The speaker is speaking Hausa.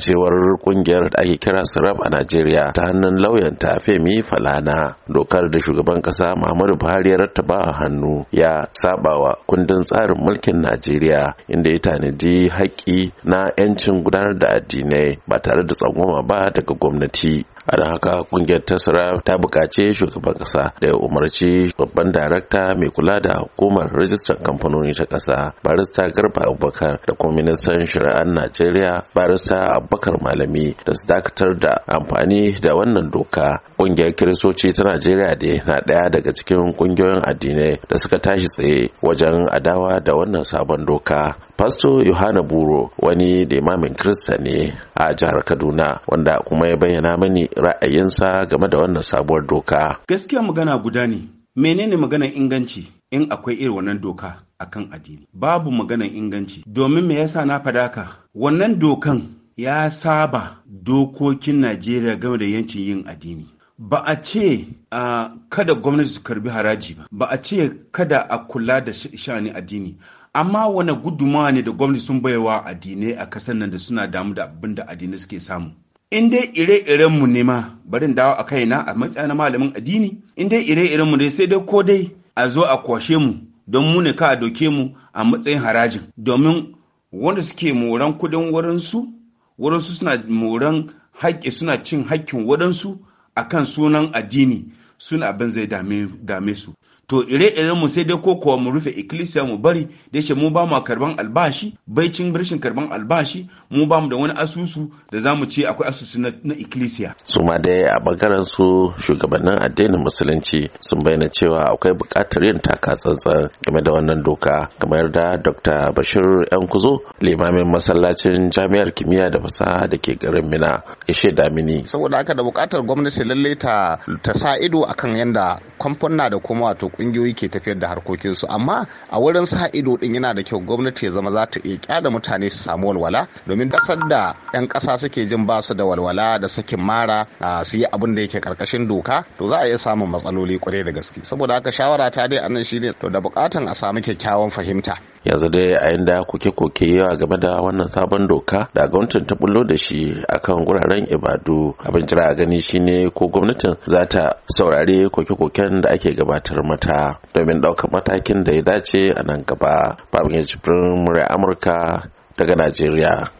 cewar kungiyar da ake kira Sirab a Najeriya ta hannun lauyan ta Femi Falana dokar da shugaban kasa Muhammadu Buhari ya rattaba a hannu ya sabawa kundin tsarin mulkin Najeriya inda ya tanadi haƙƙi na 'yancin gudanar da addinai ba tare da tsangwama ba daga gwamnati a da haka kungiyar tasira ta buƙaci shugaban ƙasa da ya umarci babban darakta mai kula da hukumar rajistar kamfanoni ta ƙasa barista garba abubakar da kuma ministan shari'ar najeriya barista abubakar malami da su dakatar da amfani da wannan doka ƙungiyar kiristoci ta najeriya da na ɗaya daga cikin ƙungiyoyin addinai da suka tashi tsaye wajen adawa da wannan sabon doka Fasto yohana buro wani limamin kirista ne a jihar kaduna wanda kuma ya bayyana mani ra'ayinsa game da wannan sabuwar doka gaskiya magana guda ne menene magana inganci in akwai irin wannan doka akan addini babu maganan inganci domin me yasa na fadaka wannan dokan ya saba dokokin Najeriya game da yancin yin addini. Ba a ce kada gwamnati su karbi haraji ba, ba a ce kada a kula da shani addini, amma wane guduma ne da gwamnati sun baiwa addinai a kasar nan da suna damu da abin da addinai suke samu. in dai ire-irenmu ne ma barin dawo a kaina a matsayin malamin addini in dai ire-irenmu ne sai dai ko dai a zo a kwashe mu don mu ne ka a doke mu a matsayin harajin domin wanda suke moran kudin wurinsu wadansu suna moran haƙƙi suna cin haƙƙin waɗansu a kan sunan addini suna abin zai dame su to ire-iren mu sai dai ko kuwa mu rufe ikkilisiya mu bari da yake mu ba mu karban albashi baicin rashin karban albashi mu ba mu da wani asusu da za mu ce akwai asusu na, ikkilisiya su ma dai a bangaren su shugabannin addinin musulunci sun bayyana cewa akwai buƙatar yin taka tsantsan game da wannan doka kamar da dr bashir yan kuzo limamin masallacin jami'ar kimiyya da fasaha da ke garin mina ya shaida mini saboda haka da buƙatar gwamnati lallai ta ta sa ido akan yadda kamfanna da kuma wato kungiyoyi ke tafiyar da harkokinsu amma a wurin sa ido din yana da kyau gwamnati ya zama za ta iya kyada mutane su samu walwala domin kasar da 'yan kasa suke jin ba su da walwala da sakin mara su yi abin da yake karkashin doka to za a iya samun matsaloli kwarai da gaske saboda haka shawara ta dai anan shine to da bukatan a samu kyakkyawan fahimta yanzu dai a inda koke-koke yawa game da wannan sabon doka da gwamnatin ta bullo da shi akan wuraren ibadu abin jira a gani shine ko gwamnatin za ta saurari saurari koke-koken da ake gabatar mata domin ɗaukar matakin da ya dace a nan gaba babin ya jibrin amurka daga najeriya